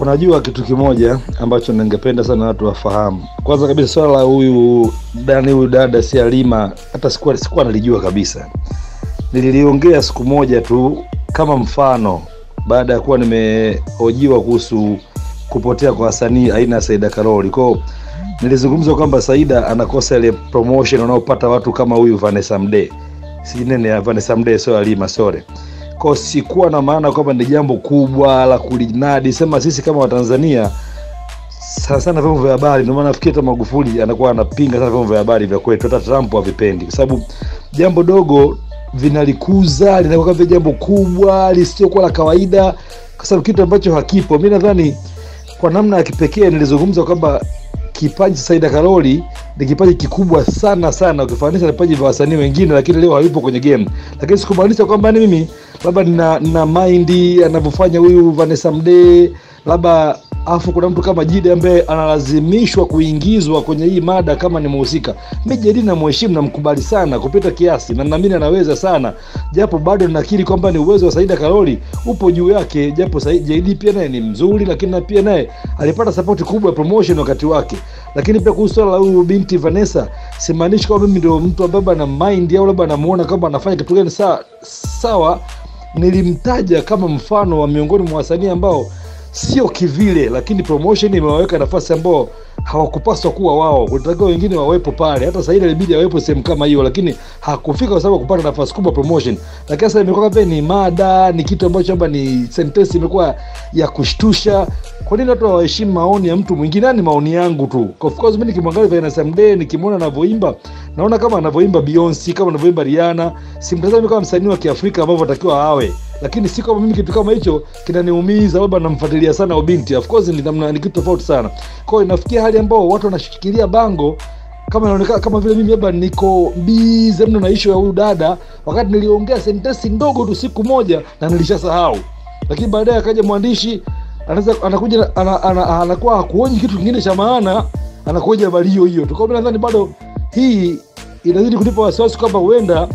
Unajua kitu kimoja ambacho ningependa sana watu wafahamu. Kwanza kabisa swala la huyu dani huyu dada si Alima, hata sikuwa sikuwa nalijua kabisa. Nililiongea siku moja tu kama mfano, baada ya kuwa nimehojiwa kuhusu kupotea kwa wasanii aina ya Saida Karoli. Kwao nilizungumza kwamba Saida anakosa ile promotion wanaopata watu kama huyu Vanessa mde sijinene Vanessa sio Alima, sore kwa na maana kwamba ni jambo kubwa la kulinadi, sema sisi kama Watanzania sana sana vyombo vya habari. Ndio maana nafikiri hata Magufuli anakuwa anapinga sana vyombo vya habari vya kwetu, hata Trump havipendi, kwa sababu jambo dogo vinalikuza linakuwa kama jambo kubwa lisiokuwa la kawaida, kwa sababu kitu ambacho hakipo. Mi nadhani kwa namna ya kipekee nilizungumza kwamba kipaji cha Saida Karoli ni kipaji kikubwa sana sana ukifananisha na vipaji vya wasanii wengine, lakini leo hayupo kwenye game. Lakini sikumaanisha kwamba ni mimi labda nina, nina maindi anavyofanya huyu Vanessa Mdee labda afu kuna mtu kama Jide ambaye analazimishwa kuingizwa kwenye hii mada kama ni mhusika. Mi Jedi namheshimu, namkubali sana kupita kiasi, na namini anaweza sana, japo bado nakiri kwamba ni uwezo wa Saida Karoli upo juu yake, japo Jedi pia naye ni mzuri, lakini na pia naye alipata sapoti kubwa ya promotion wakati wake. Lakini pia kuhusu swala la huyu binti Vanessa, simaanishi kwamba mimi ndio mtu ambaye ana mind au labda anamuona kwamba anafanya kitu gani sawa sawa. Nilimtaja kama mfano wa miongoni mwa wasanii ambao sio kivile, lakini promotion imewaweka nafasi ambao hawakupaswa kuwa wao. Kulitakiwa wengine wawepo pale, hata Said ilibidi awepo sehemu kama hiyo, lakini hakufika kwa sababu kupata nafasi kubwa promotion. Lakini sasa imekuwa kama ni mada, ni kitu ambacho labda ni sentence imekuwa ya kushtusha. Kwa nini watu hawaheshimu maoni ya mtu mwingine? ni yaani maoni yangu tu, of course mimi nikimwangalia Vanessa Mdee, nikimwona anavyoimba, naona kama anavyoimba Beyonce, kama anavyoimba Rihanna, simtazami kama msanii wa Kiafrika ambavyo atakiwa awe lakini si kwamba mimi kitu kama hicho kinaniumiza baba namfuatilia sana ubinti of course ni, namna, ni kitu tofauti sana kwao inafikia hali ambao watu wanashikilia bango kama inaonekana kama vile mimi labda niko bize mno na isho ya huyu dada wakati niliongea sentensi ndogo tu siku moja na nilishasahau lakini baadaye akaja mwandishi anaweza anakuja ana, ana, anakuwa hakuonyi kitu kingine cha maana anakuja habari hiyo hiyo tu kwao nadhani bado hii inazidi kunipa wasiwasi kwamba huenda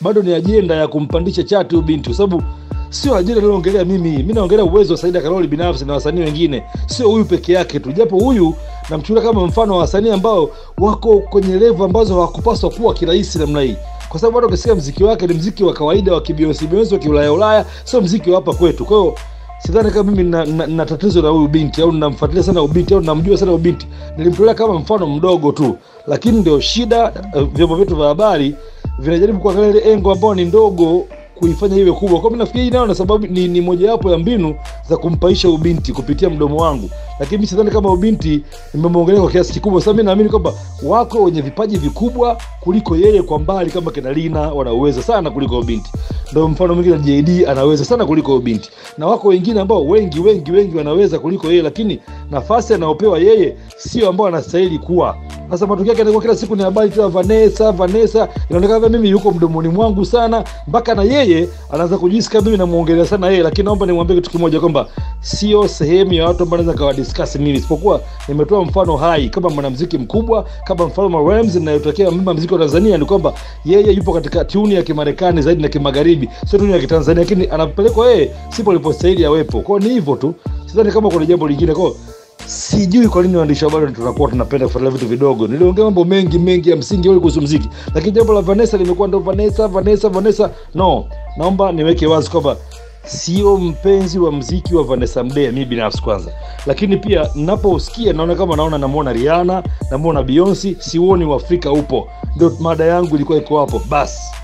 bado ni ajenda ya kumpandisha chati huyu binti, kwa sababu sio ajenda ninayoongelea mimi. Mimi naongelea uwezo wa Saida Karoli binafsi na wasanii wengine, sio huyu peke yake tu, japo huyu namchukulia kama mfano wa wasanii ambao wako kwenye levu ambazo hawakupaswa kuwa kirahisi namna hii kwa sababu hata ukisikia mziki wake ni mziki wa kawaida wa kibiosi biosi wa kiulaya Ulaya, sio mziki wa hapa kwetu. Kwa hiyo sidhani kama mimi na, na, na tatizo na huyu binti au namfuatilia sana ubinti au namjua sana ubinti. Nilimtolea kama mfano mdogo tu, lakini ndio shida eh, vyombo vyetu vya habari vinajaribu kuangalia ile engo ambayo ni ndogo kuifanya iwe kubwa kwa nafikiri nayo na sababu ni, ni mojawapo ya mbinu za kumpaisha ubinti kupitia mdomo wangu lakini mi sidhani kama ubinti nimemwongelea kwa kiasi kikubwa sasa mi naamini kwamba wako wenye vipaji vikubwa kuliko yeye kwa mbali kama kinalina lina wanauweza sana kuliko ubinti ndo mfano mwingine jd anaweza sana kuliko ubinti na wako wengine ambao wengi wengi wengi wanaweza kuliko yeye lakini nafasi anayopewa yeye sio ambayo anastahili kuwa. Sasa matokeo yake anakuwa kila siku ni habari tu ya Vanessa, Vanessa, inaonekana kama mimi yuko mdomoni mwangu sana, mpaka na yeye anaanza kujisikia mimi namuongelea sana yeye. Lakini naomba nimwambie kitu kimoja kwamba sio sehemu ya watu ambao naweza kawadiscuss mimi, isipokuwa nimetoa mfano hai kama mwanamuziki mkubwa kama mfalme wa Rams inayotokea mimi muziki wa Tanzania, ni kwamba yeye yupo katika tuni ya Kimarekani zaidi na Kimagharibi, sio tuni ya Kitanzania, lakini anapelekwa yeye sipo lipostahili awepo. Kwao ni hivyo tu, sidhani kama kuna jambo lingine kwao sijui kwa nini waandishi habari tunakuwa tunapenda kufuatilia vitu vidogo niliongea mambo mengi mengi ya msingi ule kuhusu mziki lakini jambo la vanessa limekuwa ndo vanessa vanessa vanessa no naomba niweke wazi kwamba sio mpenzi wa mziki wa vanessa mdee mi binafsi kwanza lakini pia napousikia naona kama naona namwona riana namwona bionsi siuoni uafrika upo ndo mada yangu ilikuwa iko hapo basi